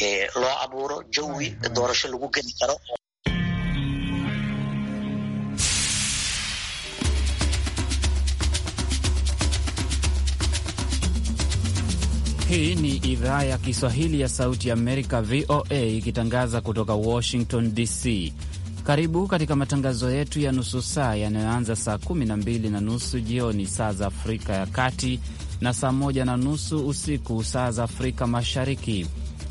ee loo abuuro jawi doorasho lagu geli karo. Hii ni idhaa ya Kiswahili ya Sauti ya Amerika, VOA, ikitangaza kutoka Washington DC. Karibu katika matangazo yetu ya nusu saa yanayoanza saa 12 na nusu jioni saa za Afrika ya Kati na saa 1 na nusu usiku saa za Afrika Mashariki.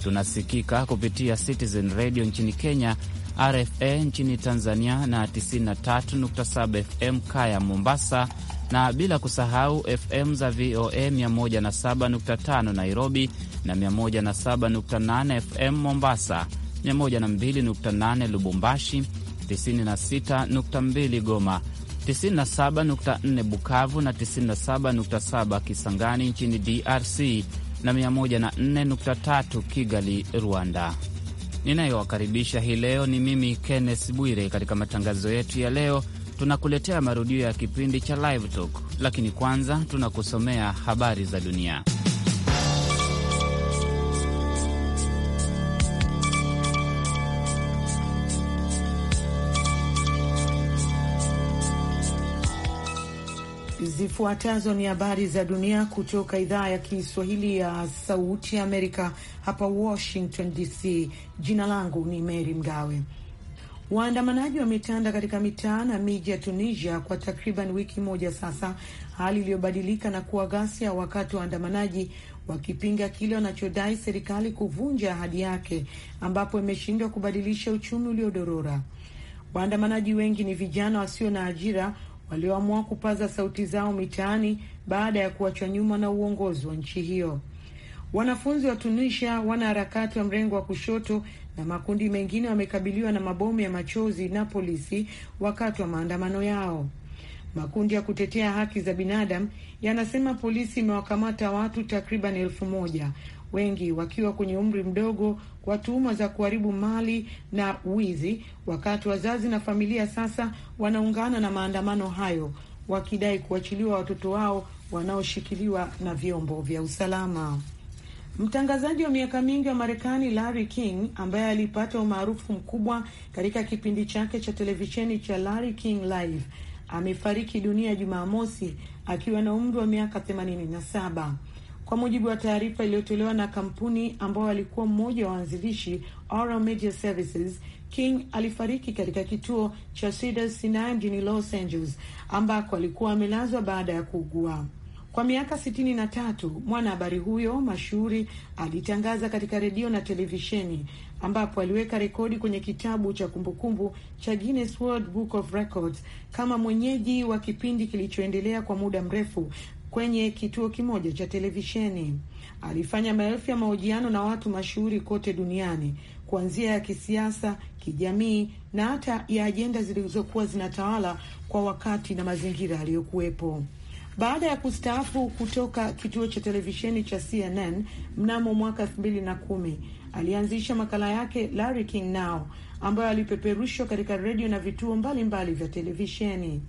Tunasikika kupitia Citizen Radio nchini Kenya, RFA nchini Tanzania na 93.7 FM Kaya Mombasa, na bila kusahau FM za VOA 107.5 Nairobi na 107.8 FM Mombasa, 102.8 Lubumbashi, 96.2 Goma, 97.4 Bukavu na 97.7 Kisangani nchini DRC na 104.3 Kigali, Rwanda. Ninayowakaribisha hii leo ni mimi Kenneth Bwire. Katika matangazo yetu ya leo, tunakuletea marudio ya kipindi cha Live Talk, lakini kwanza tunakusomea habari za dunia. Zifuatazo ni habari za dunia kutoka idhaa ya Kiswahili ya Sauti ya Amerika hapa Washington DC. Jina langu ni Mary Mgawe. Waandamanaji wametanda katika mitaa na miji ya Tunisia kwa takriban wiki moja sasa, hali iliyobadilika na kuwa ghasia, wakati waandamanaji wakipinga kile wanachodai serikali kuvunja ahadi yake, ambapo imeshindwa kubadilisha uchumi uliodorora. Waandamanaji wengi ni vijana wasio na ajira walioamua kupaza sauti zao mitaani baada ya kuachwa nyuma na uongozi wa nchi hiyo. Wanafunzi wa Tunisia, wanaharakati wa mrengo wa kushoto na makundi mengine wamekabiliwa na mabomu ya machozi na polisi wakati wa maandamano yao. Makundi ya kutetea haki za binadamu yanasema polisi imewakamata watu takriban elfu moja wengi wakiwa kwenye umri mdogo, kwa tuhuma za kuharibu mali na wizi, wakati wazazi na familia sasa wanaungana na maandamano hayo wakidai kuachiliwa watoto wao wanaoshikiliwa na vyombo vya usalama. Mtangazaji wa miaka mingi wa Marekani Larry King ambaye alipata umaarufu mkubwa katika kipindi chake cha televisheni cha Larry King Live amefariki dunia Jumamosi akiwa na umri wa miaka 87. Kwa mujibu wa taarifa iliyotolewa na kampuni ambayo alikuwa mmoja wa waanzilishi Oral Media Services, King alifariki katika kituo cha Cedars Sinai mjini Los Angeles ambako alikuwa amelazwa baada ya kuugua kwa miaka sitini na tatu. Mwanahabari huyo mashuhuri alitangaza katika redio na televisheni ambapo aliweka rekodi kwenye kitabu cha kumbukumbu cha Guinness World Book of Records kama mwenyeji wa kipindi kilichoendelea kwa muda mrefu kwenye kituo kimoja cha televisheni. Alifanya maelfu ya mahojiano na watu mashuhuri kote duniani, kuanzia ya kisiasa, kijamii na hata ya ajenda zilizokuwa zinatawala kwa wakati na mazingira aliyokuwepo. Baada ya kustaafu kutoka kituo cha televisheni cha CNN mnamo mwaka elfu mbili na kumi alianzisha makala yake Larry King Now ambayo alipeperushwa katika redio na vituo mbalimbali mbali vya televisheni.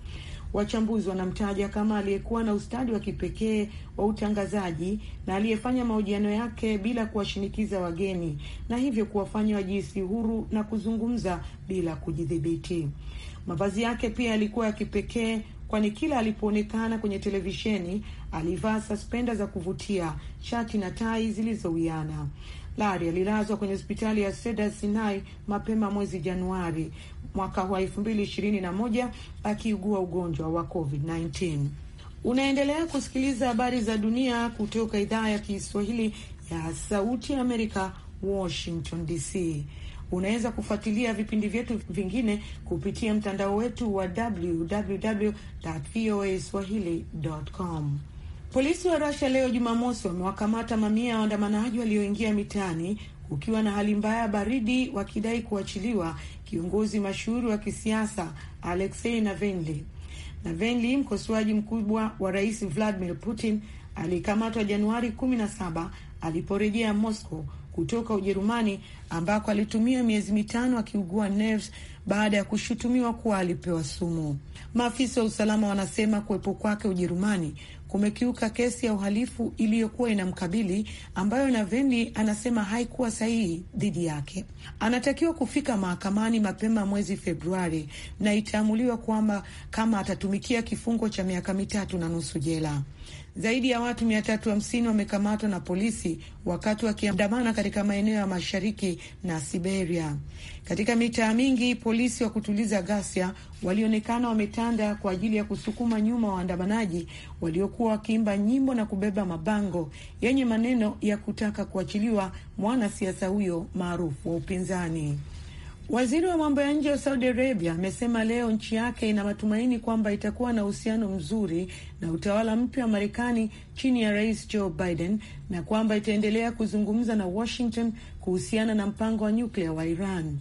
Wachambuzi wanamtaja kama aliyekuwa na ustadi wa kipekee wa utangazaji na aliyefanya mahojiano yake bila kuwashinikiza wageni na hivyo kuwafanya wajihisi huru na kuzungumza bila kujidhibiti. Mavazi yake pia yalikuwa ya kipekee kwani kila alipoonekana kwenye televisheni alivaa saspenda za kuvutia, shati na tai zilizowiana. Lari alilazwa kwenye hospitali ya Seda Sinai mapema mwezi Januari mwaka wa elfu mbili ishirini na moja akiugua ugonjwa wa COVID-19. Unaendelea kusikiliza habari za dunia kutoka idhaa ya Kiswahili ya Sauti ya Amerika, Washington DC. Unaweza kufuatilia vipindi vyetu vingine kupitia mtandao wetu wa www voa swahili com Polisi wa Russia leo Jumamosi wamewakamata mamia ya waandamanaji walioingia mitaani kukiwa na hali mbaya ya baridi, wakidai kuachiliwa kiongozi mashuhuri wa kisiasa Alexei Navalny. Navalny, mkosoaji mkubwa wa rais Vladimir Putin, alikamatwa Januari 17 aliporejea Moscow kutoka Ujerumani ambako alitumia miezi mitano akiugua nerves baada ya kushutumiwa kuwa alipewa sumu. Maafisa wa usalama wanasema kuwepo kwake Ujerumani umekiuka kesi ya uhalifu iliyokuwa inamkabili ambayo Naveni anasema haikuwa sahihi dhidi yake. Anatakiwa kufika mahakamani mapema mwezi Februari na itaamuliwa kwamba kama atatumikia kifungo cha miaka mitatu na nusu jela. Zaidi ya watu hamsini wamekamatwa na polisi wakati wakiandamana katika maeneo ya mashariki na Siberia. Katika mitaa mingi, polisi wa kutuliza ghasia walionekana wametanda kwa ajili ya kusukuma nyuma waandamanaji waliokuwa wakiimba nyimbo na kubeba mabango yenye maneno ya kutaka kuachiliwa mwanasiasa huyo maarufu wa upinzani. Waziri wa mambo ya nje wa Saudi Arabia amesema leo nchi yake ina matumaini kwamba itakuwa na uhusiano mzuri na utawala mpya wa Marekani chini ya Rais Joe Biden na kwamba itaendelea kuzungumza na Washington kuhusiana na mpango wa nyuklia wa Iran.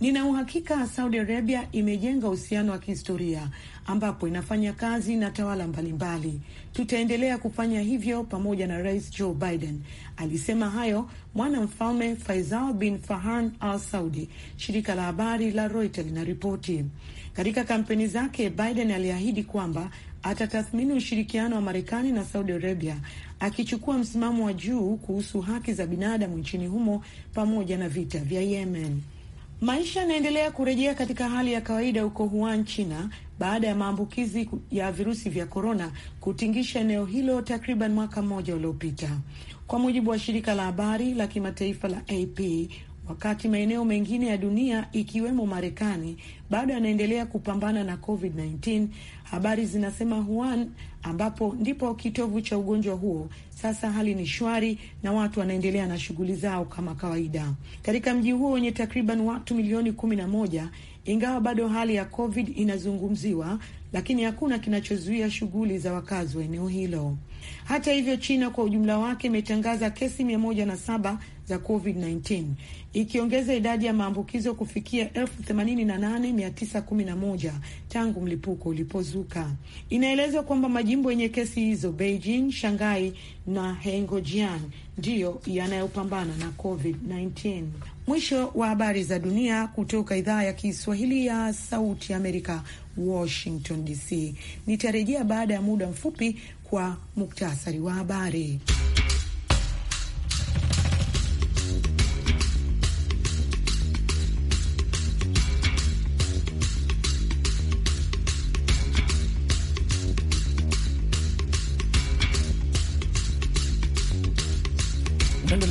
Nina uhakika Saudi Arabia imejenga uhusiano wa kihistoria ambapo inafanya kazi na tawala mbalimbali. Tutaendelea kufanya hivyo pamoja na Rais Joe Biden, alisema hayo mwana mfalme Faisal bin Farhan al Saudi, shirika la habari la Reuters linaripoti. Katika kampeni zake, Biden aliahidi kwamba atatathmini ushirikiano wa Marekani na Saudi Arabia, akichukua msimamo wa juu kuhusu haki za binadamu nchini humo pamoja na vita vya Yemen. Maisha yanaendelea kurejea katika hali ya kawaida huko Wuhan, China, baada ya maambukizi ya virusi vya korona kutingisha eneo hilo takriban mwaka mmoja uliopita, kwa mujibu wa shirika la habari la kimataifa la AP wakati maeneo mengine ya dunia ikiwemo Marekani bado yanaendelea kupambana na COVID-19. Habari zinasema Wuhan, ambapo ndipo kitovu cha ugonjwa huo, sasa hali ni shwari na watu wanaendelea na shughuli zao kama kawaida katika mji huo wenye takriban watu milioni kumi na moja. Ingawa bado hali ya COVID inazungumziwa, lakini hakuna kinachozuia shughuli za wakazi wa eneo hilo. Hata hivyo, China kwa ujumla wake imetangaza kesi mia moja na saba za COVID-19 ikiongeza idadi ya maambukizo kufikia 88911 tangu mlipuko ulipozuka. Inaelezwa kwamba majimbo yenye kesi hizo Beijing, Shanghai na Hengojian ndiyo yanayopambana na COVID-19. Mwisho wa habari za dunia kutoka idhaa ya Kiswahili ya Sauti Amerika, Washington DC. Nitarejea baada ya muda mfupi kwa muktasari wa habari.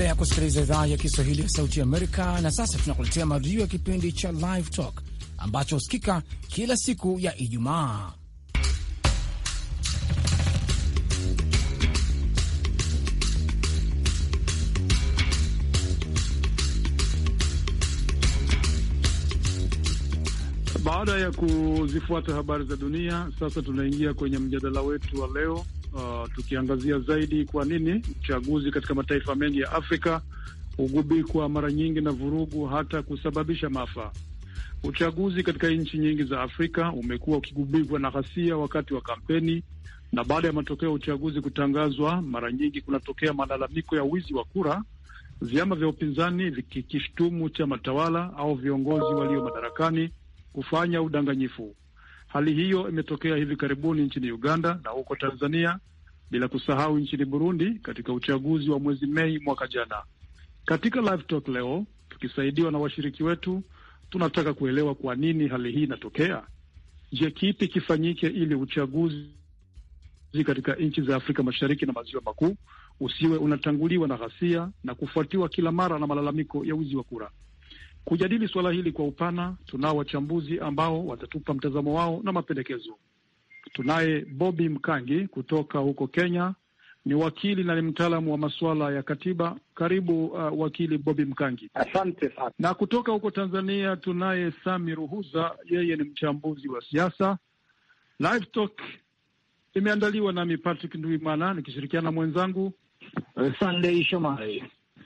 Unaendelea kusikiliza idhaa ya Kiswahili ya Sauti Amerika, na sasa tunakuletea marudio ya kipindi cha Live Talk ambacho husikika kila siku ya Ijumaa. Baada ya kuzifuata habari za dunia, sasa tunaingia kwenye mjadala wetu wa leo uh, tukiangazia zaidi kwa nini uchaguzi katika mataifa mengi ya Afrika hugubikwa mara nyingi na vurugu hata kusababisha maafa. Uchaguzi katika nchi nyingi za Afrika umekuwa ukigubikwa na ghasia wakati wa kampeni, na baada ya matokeo ya uchaguzi kutangazwa, mara nyingi kunatokea malalamiko ya wizi wa kura, vyama vya upinzani vikikishtumu chama tawala au viongozi walio madarakani kufanya udanganyifu. Hali hiyo imetokea hivi karibuni nchini Uganda na huko Tanzania, bila kusahau nchini Burundi katika uchaguzi wa mwezi Mei mwaka jana. Katika Live Talk leo, tukisaidiwa na washiriki wetu, tunataka kuelewa kwa nini hali hii inatokea. Je, kipi kifanyike ili uchaguzi katika nchi za Afrika Mashariki na Maziwa Makuu usiwe unatanguliwa na ghasia na kufuatiwa kila mara na malalamiko ya wizi wa kura? Kujadili suala hili kwa upana, tunao wachambuzi ambao watatupa mtazamo wao na mapendekezo. Tunaye Bobi Mkangi kutoka huko Kenya, ni wakili na ni mtaalamu wa masuala ya katiba. Karibu uh, wakili Bobi Mkangi. Asante sana. Na kutoka huko Tanzania tunaye Sami Ruhuza, yeye ni mchambuzi wa siasa. Live Talk imeandaliwa nami Patrick Nduimana nikishirikiana na mwenzangu Sunday Shomari.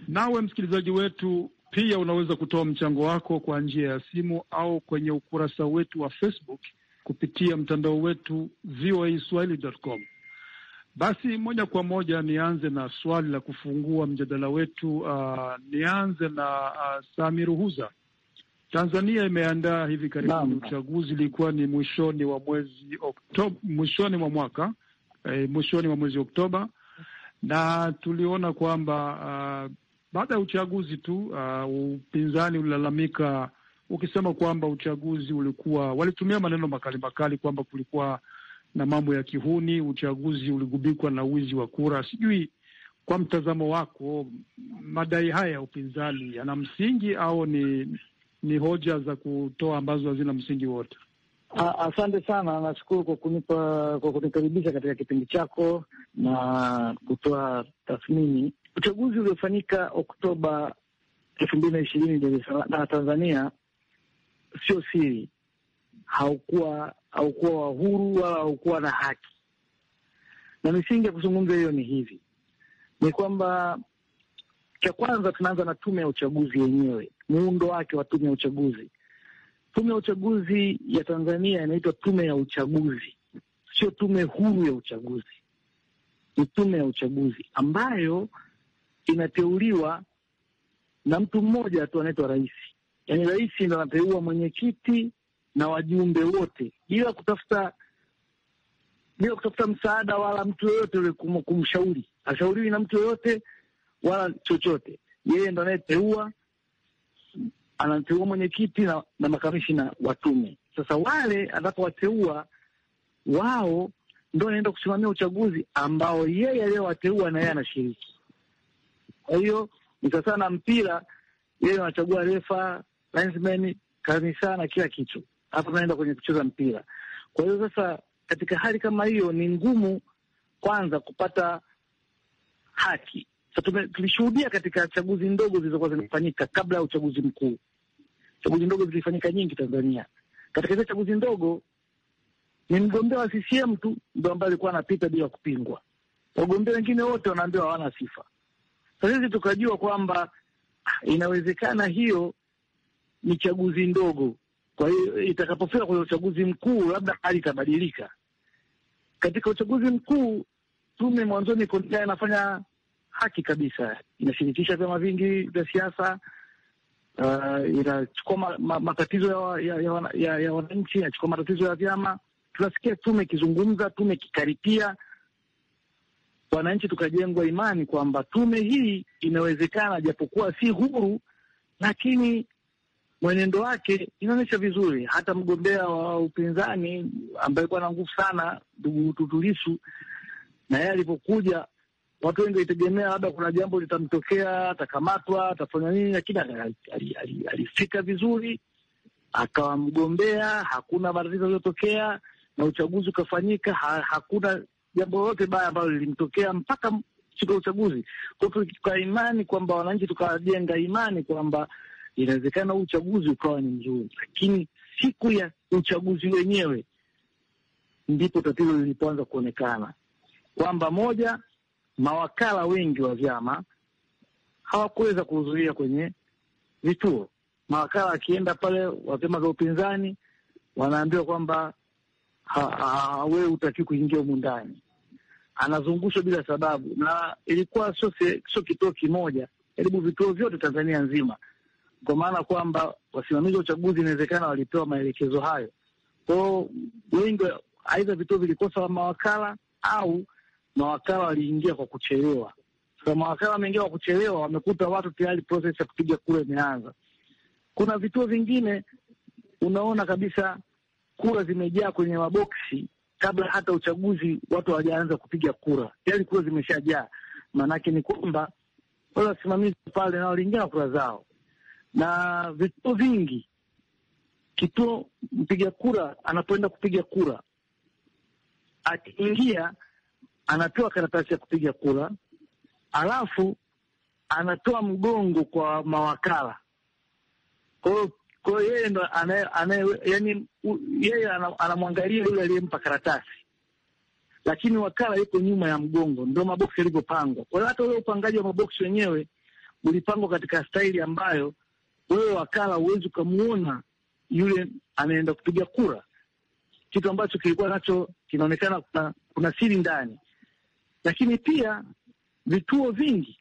Nawe msikilizaji wetu pia unaweza kutoa mchango wako kwa njia ya simu au kwenye ukurasa wetu wa Facebook kupitia mtandao wetu voaswahili.com. Basi moja kwa moja nianze na swali la kufungua mjadala wetu. Uh, nianze na uh, ah, Sami Ruhuza. Tanzania imeandaa hivi karibuni uchaguzi, ilikuwa ni mwishoni wa mwezi Oktoba, mwishoni mwa mwaka eh, mwishoni mwa mwezi Oktoba, na tuliona kwamba uh, baada ya uchaguzi tu uh, upinzani ulilalamika ukisema kwamba uchaguzi ulikuwa, walitumia maneno makali makali kwamba kulikuwa na mambo ya kihuni, uchaguzi uligubikwa na wizi wa kura. Sijui kwa mtazamo wako madai haya ya upinzani yana msingi au ni ni hoja za kutoa ambazo hazina msingi wote? Asante sana, nashukuru kwa kunipa kwa kunikaribisha katika kipindi chako na kutoa tathmini Uchaguzi uliofanyika Oktoba elfu mbili na ishirini Dar es Salaam Tanzania, sio siri, haukuwa haukuwa wa huru wala haukuwa na haki, na misingi ya kuzungumza hiyo ni hivi, ni kwamba cha kwanza tunaanza na tume ya uchaguzi yenyewe, muundo wake wa tume ya uchaguzi. Tume ya uchaguzi ya Tanzania inaitwa tume ya uchaguzi, sio tume huru ya uchaguzi, ni tume ya uchaguzi ambayo inateuliwa na mtu mmoja tu anaitwa rais. Yaani rais ndo anateua mwenyekiti na wajumbe wote bila kutafuta bila kutafuta msaada wala mtu yoyote yule kum, kumshauri ashauriwi na mtu yoyote wala chochote. Yeye ndo anayeteua, anateua mwenyekiti na, na makamishina wa tume. Sasa wale anapowateua wao ndo anaenda kusimamia uchaguzi ambao yeye aliyowateua na yeye anashiriki. Kwa hiyo ni sasa na mpira yeye wanachagua refa, linesman, kanisa na kila kitu, hapa naenda kwenye kucheza mpira. Kwa hiyo sasa, katika hali kama hiyo, ni ngumu kwanza kupata haki. Sasa tulishuhudia katika chaguzi ndogo zilizokuwa zimefanyika kabla ya uchaguzi mkuu, chaguzi ndogo zilifanyika nyingi Tanzania. Katika hizo chaguzi ndogo ni mgombea wa CCM tu ndo ambaye alikuwa anapita bila kupingwa, wagombea wengine wote wanaambiwa hawana sifa. Sasa tukajua kwamba inawezekana hiyo ni chaguzi ndogo, kwa hiyo itakapofika kwenye uchaguzi mkuu labda hali itabadilika. Katika uchaguzi mkuu tume mwanzoni kondia inafanya haki kabisa, inashirikisha vyama vingi vya siasa uh, inachukua ma, ma, matatizo ya, ya, ya, ya, ya wananchi, inachukua matatizo ya vyama. Tunasikia tume ikizungumza, tume ikikaripia wananchi tukajengwa imani kwamba tume hii inawezekana, japokuwa si huru, lakini mwenendo wake inaonyesha vizuri. Hata mgombea wa upinzani ambaye kuwa na nguvu sana, ndugu Tundu Lissu, na yeye alipokuja, watu wengi walitegemea labda kuna jambo litamtokea, atakamatwa, atafanya nini, lakini alifika vizuri, akawa mgombea, hakuna matatizo aliyotokea na uchaguzi ukafanyika. Ha, hakuna jambo lolote baya ambalo lilimtokea mpaka siku ya uchaguzi. Kwa hiyo tuka imani kwamba wananchi, tukawajenga imani kwamba inawezekana huu uchaguzi ukawa ni mzuri, lakini siku ya uchaguzi wenyewe ndipo tatizo lilipoanza kuonekana kwamba moja, mawakala wengi wa vyama hawakuweza kuhudhuria kwenye vituo. Mawakala wakienda pale wa vyama vya upinzani wanaambiwa kwamba wewe hutaki kuingia humu ndani, anazungushwa bila sababu, na ilikuwa sio sio kituo kimoja, karibu vituo vyote Tanzania nzima, kwa maana kwamba wasimamizi wa uchaguzi inawezekana walipewa maelekezo hayo. Kwao wengi, aidha vituo vilikosa mawakala au mawakala waliingia kwa kuchelewa. Sasa mawakala wameingia kwa kuchelewa, wamekuta watu tayari, proses ya kupiga kura imeanza. Kuna vituo vingine unaona kabisa kura zimejaa kwenye maboksi kabla hata uchaguzi watu hawajaanza kupiga kura, tayari kura zimeshajaa. Maanake ni kwamba wale wasimamizi pale na waliingia na kura zao, na vituo vingi, kituo mpiga kura anapoenda kupiga kura, akiingia anapewa karatasi ya kupiga kura, alafu anatoa mgongo kwa mawakala. Kwa hiyo kwa hiyo yeye ndo yani, yeye anamwangalia yule aliyempa karatasi, lakini wakala yuko nyuma ya mgongo, ndo maboksi yalivyopangwa. Kwa hiyo hata ule upangaji wa maboksi wenyewe ulipangwa katika staili ambayo wewe wakala huwezi ukamuona yule anaenda kupiga kura, kitu ambacho kilikuwa nacho kinaonekana kuna, kuna siri ndani. Lakini pia vituo vingi,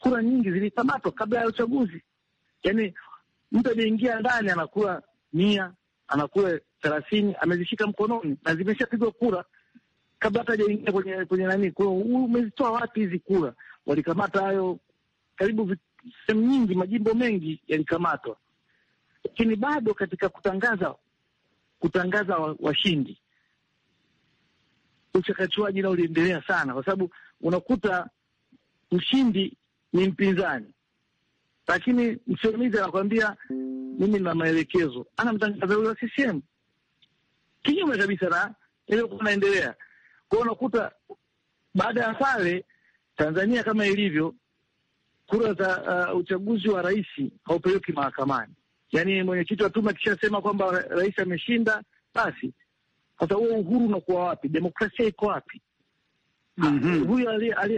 kura nyingi zilikamatwa kabla ya uchaguzi, yani mtu aliyeingia ndani anakuwa mia anakuwa thelathini amezishika mkononi na zimeshapigwa kura kabla hata hajaingia kwenye kwenye nani. Umezitoa wapi hizi kura? Walikamata hayo karibu sehemu nyingi, majimbo mengi yalikamatwa, lakini bado katika kutangaza kutangaza washindi wa uchakachuaji nao uliendelea sana, kwa sababu unakuta mshindi ni mpinzani lakini msimamizi anakwambia mimi na maelekezo, ana mtangazaji wa CCM kinyume kabisa na iliyokuwa inaendelea kwao. Unakuta baada ya pale Tanzania kama ilivyo kura za uh, uchaguzi wa rais haupeleki mahakamani, yaani mwenyekiti wa tume akishasema kwamba rais ameshinda, basi sasa huo uhuru unakuwa wapi? Demokrasia iko wapi? mm -hmm. Huyu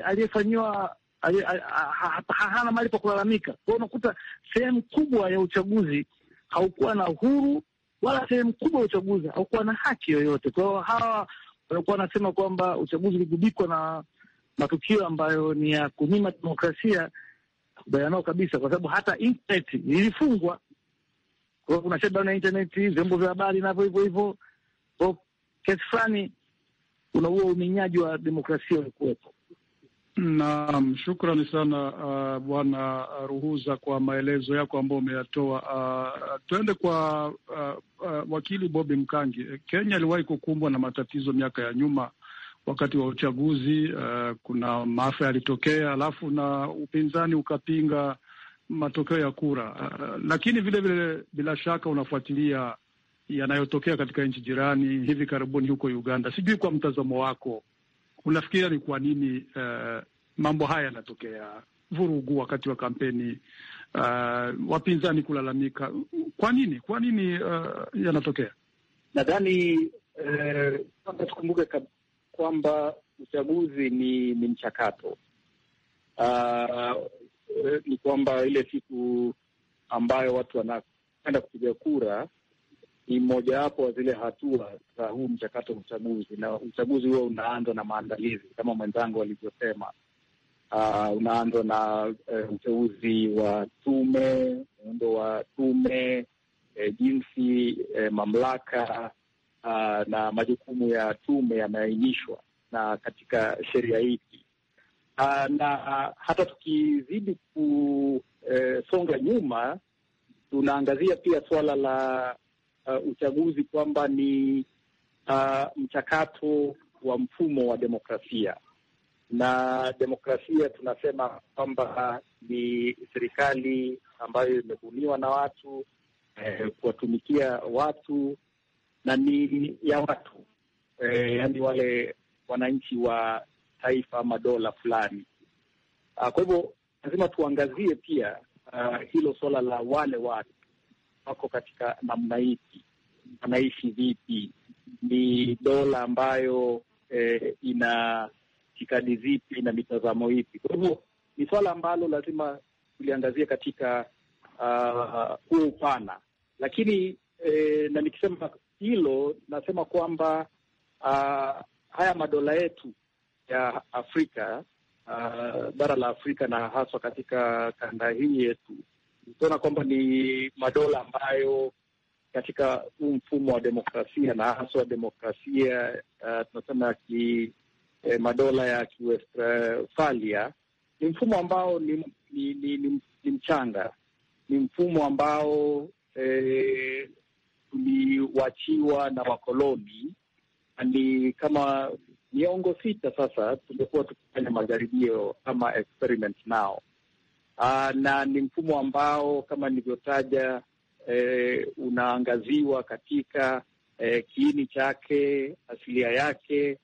aliyefanyiwa hana mahali pa kulalamika. Kwa hiyo unakuta sehemu kubwa ya uchaguzi haukuwa na uhuru wala sehemu kubwa ya uchaguzi haukuwa na haki yoyote. Kwa hiyo hawa walikuwa wanasema kwamba uchaguzi uligubikwa na matukio ambayo ni ya kunyima demokrasia, kubaliana nao kabisa, kwa sababu hata internet ilifungwa. Kuna shutdown ya internet, vyombo vya habari navyo hivyo hivyo. Kwa kesi fulani kuna huo uminyaji wa demokrasia ulikuwepo. Naam, shukrani sana uh, Bwana Ruhuza kwa maelezo yako ambayo umeyatoa. Uh, tuende kwa uh, uh, wakili Bobi Mkangi. Kenya iliwahi kukumbwa na matatizo miaka ya nyuma wakati wa uchaguzi. Uh, kuna maafa yalitokea, alafu na upinzani ukapinga matokeo ya kura uh, lakini vile vile bila shaka unafuatilia yanayotokea katika nchi jirani hivi karibuni huko Uganda. Sijui kwa mtazamo wako Unafikiria ni kwa nini uh, mambo haya yanatokea, vurugu wakati wa kampeni uh, wapinzani kulalamika? Kwa nini kwa nini uh, yanatokea? Nadhani uh, tukumbuke kwamba uchaguzi ni ni mchakato uh, ni kwamba ile siku ambayo watu wanaenda kupiga kura ni mmojawapo wa zile hatua za huu mchakato wa uchaguzi, na uchaguzi huo unaanza na maandalizi kama mwenzangu alivyosema. Uh, ah, unaanza na uh, uteuzi wa tume, muundo wa tume eh, jinsi eh, mamlaka uh, na majukumu ya tume yameainishwa na katika sheria hiki uh, ah, na uh, hata tukizidi kusonga eh, nyuma tunaangazia pia suala la uh, uchaguzi kwamba ni uh, mchakato wa mfumo wa demokrasia, na demokrasia tunasema kwamba ni serikali ambayo imebuniwa na watu eh, kuwatumikia watu na ni ya watu eh, yaani wale wananchi wa taifa ama dola fulani. Ah, kwa hivyo lazima tuangazie pia uh, hilo suala la wale watu wako katika namna ipi, wanaishi vipi, ni dola ambayo eh, ina itikadi zipi na mitazamo ipi. Kwa hivyo ni swala ambalo lazima tuliangazia katika ah, huu uh, upana, lakini eh, na nikisema hilo nasema kwamba uh, haya madola yetu ya Afrika uh, bara la Afrika na haswa katika kanda hii yetu tunaona kwamba ni madola ambayo katika huu mfumo wa demokrasia na haswa demokrasia uh, tunasema ki, eh, madola ya Kiwestfalia eh, ni mfumo ambao ni, ni, ni, ni, ni mchanga, ni mfumo ambao eh, tuliwachiwa na wakoloni. Ni kama miongo sita sasa tumekuwa tukifanya majaribio ama experiment nao Aa, ah, na ni mfumo ambao kama nilivyotaja e, unaangaziwa katika e, kiini chake, asilia yake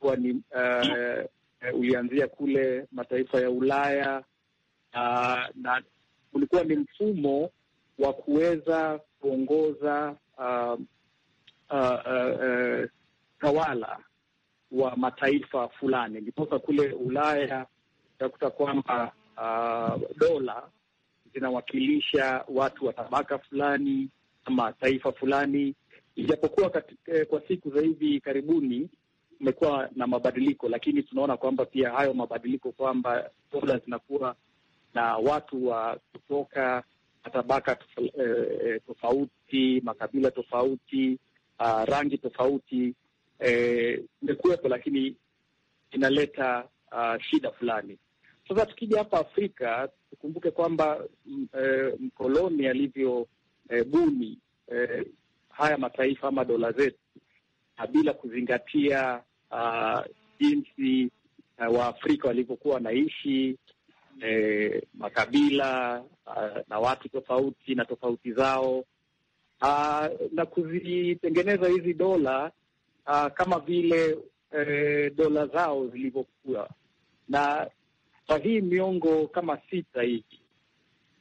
kuwa ni uh, ulianzia kule mataifa ya Ulaya uh, na ulikuwa ni mfumo wa kuweza kuongoza uh, uh, uh, tawala wa mataifa fulani. Ndiposa kule Ulaya utakuta kwamba uh, dola zinawakilisha watu wa tabaka fulani ama taifa fulani, ijapokuwa eh, kwa siku za hivi karibuni kumekuwa na mabadiliko, lakini tunaona kwamba pia hayo mabadiliko kwamba dola zinakuwa na watu wa kutoka matabaka eh, tofauti, makabila tofauti, uh, rangi tofauti eh, imekuwepo eh, lakini inaleta uh, shida fulani. Sasa tukija hapa Afrika tukumbuke kwamba e, mkoloni alivyo e, e, haya mataifa ama dola zetu bila kuzingatia a, ah, jinsi Waafrika walivyokuwa wanaishi e, makabila a, ah, na watu tofauti na tofauti zao a, ah, na kuzitengeneza hizi dola kama vile e, dola zao zilivyokuwa na kwa hii miongo kama sita hivi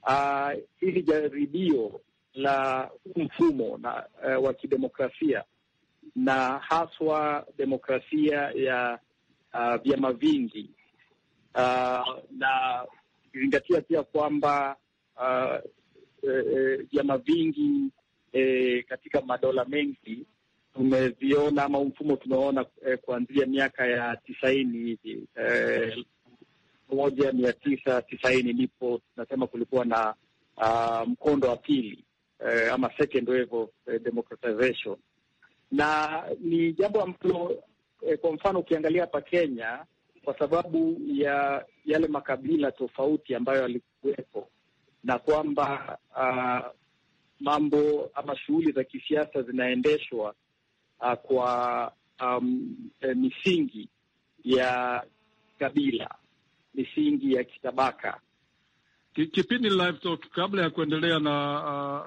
ah, hili uh, jaribio la mfumo na uh, wa kidemokrasia na haswa demokrasia ya uh, vyama vingi uh, na ukizingatia pia kwamba eh, eh, vyama uh, e, vingi e, katika madola mengi tumeviona ama mfumo tumeona e, kuanzia miaka ya tisaini hivi e, elfu moja mia tisa tisaini ndipo tunasema kulikuwa na uh, mkondo wa pili uh, ama second wave of eh, democratization, na ni jambo ambalo eh, kwa mfano ukiangalia hapa Kenya kwa sababu ya yale makabila tofauti ambayo yalikuwepo na kwamba uh, mambo ama shughuli za kisiasa zinaendeshwa uh, kwa um, e, misingi ya kabila misingi ya kitabaka. Kipindi Live Talk. Kabla ya kuendelea na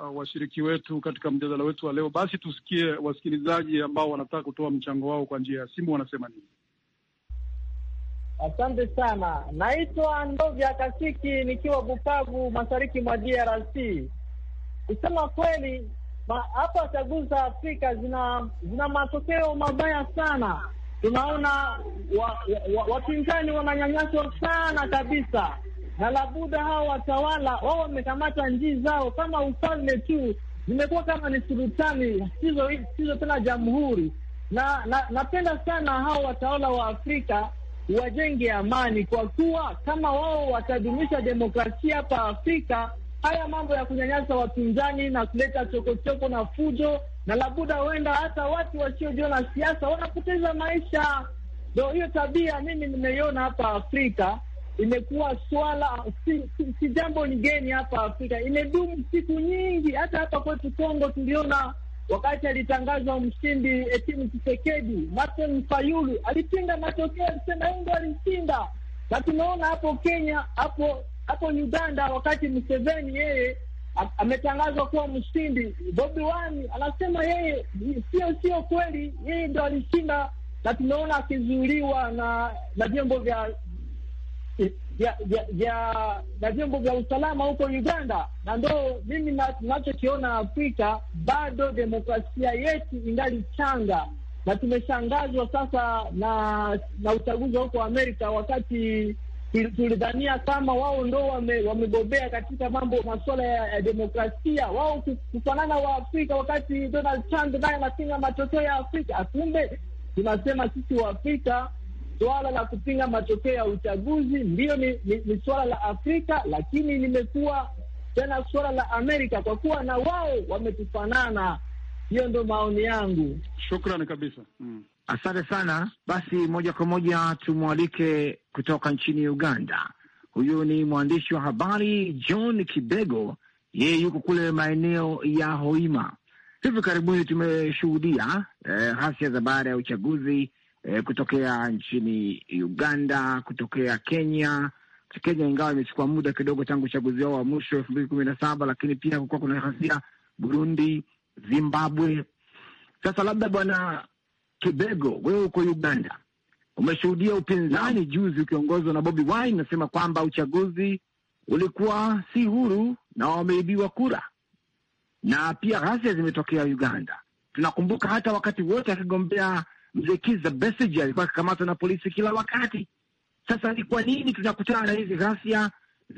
uh, washiriki wetu katika mjadala wetu wa leo, basi tusikie wasikilizaji ambao wanataka kutoa mchango wao kwa njia ya simu wanasema nini. Asante sana, naitwa Ndovya Kasiki nikiwa Bukavu, mashariki mwa DRC. Kusema kweli, hapa chaguzi za Afrika zina, zina matokeo mabaya sana tunaona wapinzani wa, wa, wananyanyaswa sana kabisa, na labuda hao watawala wao wamekamata njii zao kama ufalme tu, zimekuwa kama ni sultani, sizo tena jamhuri. Na napenda na sana hao watawala wa Afrika wajenge amani, kwa kuwa kama wao watadumisha demokrasia hapa Afrika haya mambo ya kunyanyasa wapinzani na kuleta chokochoko na fujo, na labuda huenda hata watu wasiojiona siasa wanapoteza maisha. Ndo hiyo tabia mimi nimeiona hapa Afrika, imekuwa swala si, si, si jambo ni geni hapa Afrika, imedumu siku nyingi. Hata hapa kwetu Kongo tuliona wakati alitangazwa mshindi Etimu Tshisekedi, Martin Fayulu alipinga matokeo akisema ndo alishinda, na tumeona hapo Kenya hapo hapo Uganda, wakati Museveni yeye ametangazwa kuwa mshindi, Bobi Wine anasema yeye sio sio kweli, yeye ndo alishinda, na tumeona akizuiliwa na na vyombo vya ya, ya, ya, na vyombo vya usalama huko Uganda. Na ndo mimi nachokiona Afrika, bado demokrasia yetu ingali changa, na tumeshangazwa sasa na na uchaguzi wa huko Amerika, wakati tulidhania kama wao ndo wamebobea wame katika mambo masuala ya, ya demokrasia, wao kufanana wa Afrika, wakati Donald Trump naye anapinga matokeo ya Afrika. Akumbe ah, tunasema sisi wa Afrika suala la kupinga matokeo ya uchaguzi ndiyo ni, ni, ni suala la Afrika, lakini limekuwa tena suala la Amerika kwa kuwa na wao wametufanana. Hiyo ndo maoni yangu, shukrani kabisa mm. Asante sana. Basi moja kwa moja tumwalike kutoka nchini Uganda. Huyu ni mwandishi wa habari John Kibego, yeye yuko kule maeneo ya Hoima. Hivi karibuni tumeshuhudia eh, ghasia za baada ya uchaguzi eh, kutokea nchini Uganda, kutokea Kenya. Kenya ingawa imechukua muda kidogo tangu uchaguzi wao wa mwisho elfu mbili kumi na saba, lakini pia kukuwa kuna ghasia Burundi, Zimbabwe. Sasa labda bwana kibego, wewe uko Uganda, umeshuhudia upinzani juzi ukiongozwa na Bobi Wine nasema kwamba uchaguzi ulikuwa si huru na wameibiwa kura, na pia ghasia zimetokea Uganda. Tunakumbuka hata wakati wote akigombea mzee Kizza Besigye alikuwa akikamatwa na polisi kila wakati. Sasa ni kwa nini tunakutana na hizi ghasia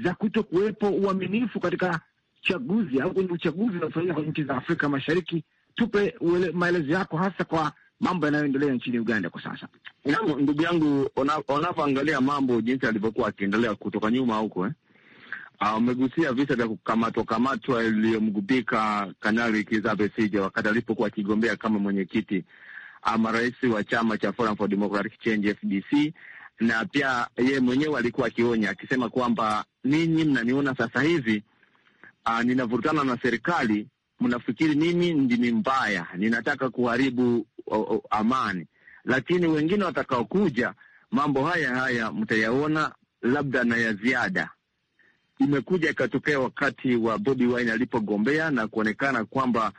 za kuto kuwepo uaminifu katika chaguzi au kwenye uchaguzi unaofanyika kwenye nchi za Afrika Mashariki? Tupe maelezo yako hasa kwa mambo yanayoendelea nchini Uganda kwa sasa. Naam, ndugu yangu, unapoangalia mambo jinsi alivyokuwa akiendelea kutoka nyuma huko eh? Ah, umegusia visa vya kukamatwa kamatwa iliyomgubika Kanali Kizza Besigye wakati alipokuwa akigombea kama mwenyekiti ama ah, rais wa chama cha Forum for Democratic Change FDC, na pia yeye mwenyewe alikuwa akionya akisema kwamba ninyi mnaniona sasa hivi uh, ah, ninavurutana na serikali, mnafikiri mimi ndimi mbaya, ninataka kuharibu amani, lakini wengine watakaokuja, mambo haya haya mtayaona labda na ya ziada. Imekuja ikatokea wakati wa Bobi Wine alipogombea na kuonekana kwamba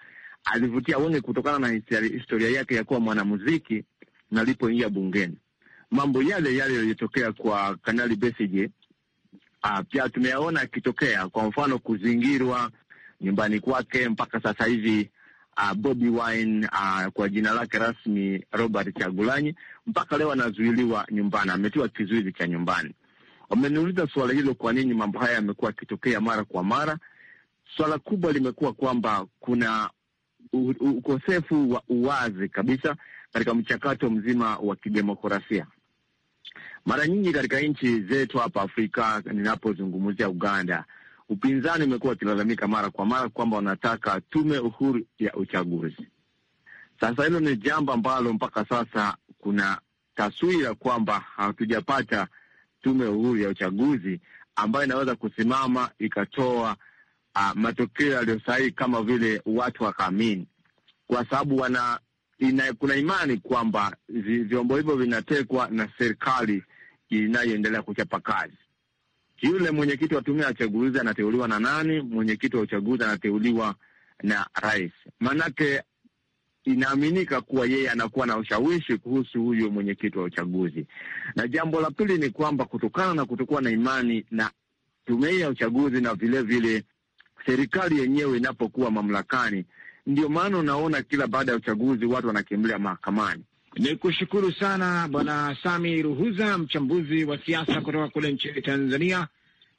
alivutia wengi kutokana na historia yake ya kuwa mwanamuziki, na alipoingia bungeni mambo yale yale yaliyotokea kwa Kanali Besigye ah, pia tumeyaona akitokea, kwa mfano kuzingirwa nyumbani kwake mpaka sasa hivi uh, Bobi Wine uh, kwa jina lake rasmi Robert Chagulanyi mpaka leo anazuiliwa nyumbani, ametiwa kizuizi cha nyumbani. Wameniuliza suala hilo, kwa nini mambo haya yamekuwa yakitokea mara kwa mara. Swala kubwa limekuwa kwamba kuna ukosefu wa uwazi kabisa katika mchakato mzima wa kidemokrasia. Mara nyingi katika nchi zetu hapa Afrika, ninapozungumzia Uganda Upinzani umekuwa ukilalamika mara kwa mara kwamba wanataka tume uhuru ya uchaguzi. Sasa hilo ni jambo ambalo mpaka sasa kuna taswira kwamba hatujapata tume uhuru ya uchaguzi ambayo inaweza kusimama ikatoa uh, matokeo yaliyo sahihi kama vile watu wakaamini, kwa sababu wana ina, kuna imani kwamba vyombo hivyo vinatekwa na serikali inayoendelea kuchapa kazi yule mwenyekiti wa tume ya uchaguzi anateuliwa na nani? Mwenyekiti wa uchaguzi anateuliwa na rais. Maanake inaaminika kuwa yeye anakuwa na ushawishi kuhusu huyo mwenyekiti wa uchaguzi. Na jambo la pili ni kwamba kutokana na kutokuwa na imani na tume ya uchaguzi na vilevile serikali yenyewe inapokuwa mamlakani, ndio maana unaona kila baada ya uchaguzi watu wanakimbilia mahakamani. Ni kushukuru sana Bwana Sami Ruhuza, mchambuzi wa siasa kutoka kule nchini Tanzania,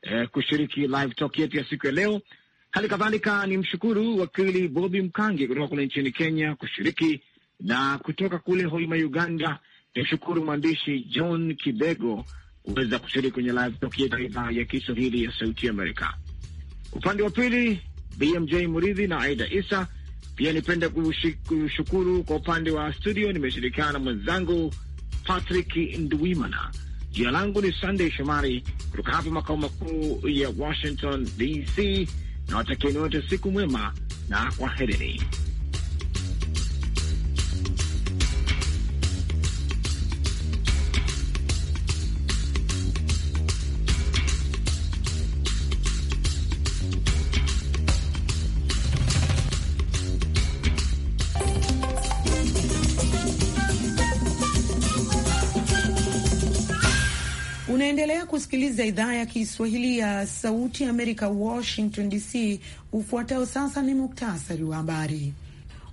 eh, kushiriki live talk yetu ya siku ya leo. Hali kadhalika ni mshukuru wakili Bobi Mkangi kutoka kule nchini Kenya kushiriki, na kutoka kule Hoima, Uganda, ni mshukuru mwandishi John Kibego kuweza kushiriki kwenye live talk yetu ya idhaa ya Kiswahili ya Sauti Amerika. Upande wa pili BMJ Muridhi na Aida Isa pia nipende kushukuru kwa upande wa studio, nimeshirikiana na mwenzangu Patrick Ndwimana. Jina langu ni Sunday Shomari kutoka hapa makao makuu ya Washington DC, na watakieni wote siku mwema na kwaherini. kusikiliza idhaa ya Kiswahili ya Sauti ya Amerika, Washington DC. Ufuatao sasa ni muktasari wa habari.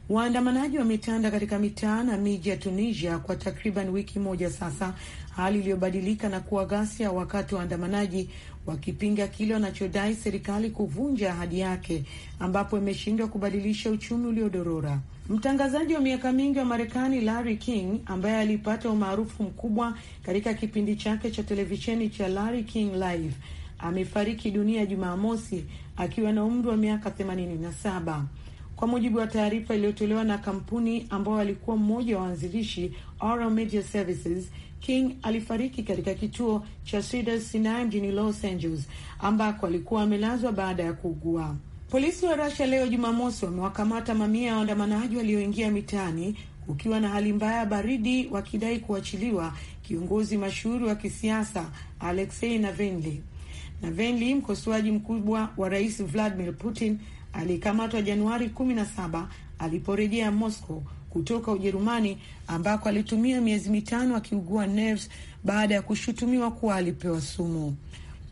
Waandamanaji wametanda katika mitaa na miji ya Tunisia kwa takriban wiki moja sasa, hali iliyobadilika na kuwa ghasia, wakati waandamanaji wakipinga kile wanachodai serikali kuvunja ahadi yake, ambapo imeshindwa kubadilisha uchumi uliodorora. Mtangazaji wa miaka mingi wa Marekani Larry King, ambaye alipata umaarufu mkubwa katika kipindi chake cha televisheni cha Larry King Live, amefariki dunia Jumamosi akiwa na umri wa miaka 87 kwa mujibu wa taarifa iliyotolewa na kampuni ambayo alikuwa mmoja wa waanzilishi Oral Media Services. King alifariki katika kituo cha Cedars Sinai mjini Los Angeles ambako alikuwa amelazwa baada ya kuugua. Polisi wa Russia leo Jumamosi wamewakamata mamia ya waandamanaji walioingia mitaani ukiwa na hali mbaya ya baridi wakidai kuachiliwa kiongozi mashuhuri wa kisiasa Alexei Navalny. Navalny, mkosoaji mkubwa wa Rais Vladimir Putin aliyekamatwa Januari 17 aliporejea Moscow kutoka Ujerumani ambako alitumia miezi mitano akiugua nerves baada ya kushutumiwa kuwa alipewa sumu.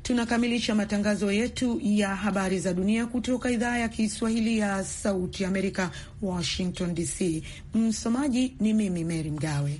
Tunakamilisha matangazo yetu ya habari za dunia kutoka idhaa ya Kiswahili ya Sauti Amerika, Washington DC. Msomaji ni mimi Mary Mgawe.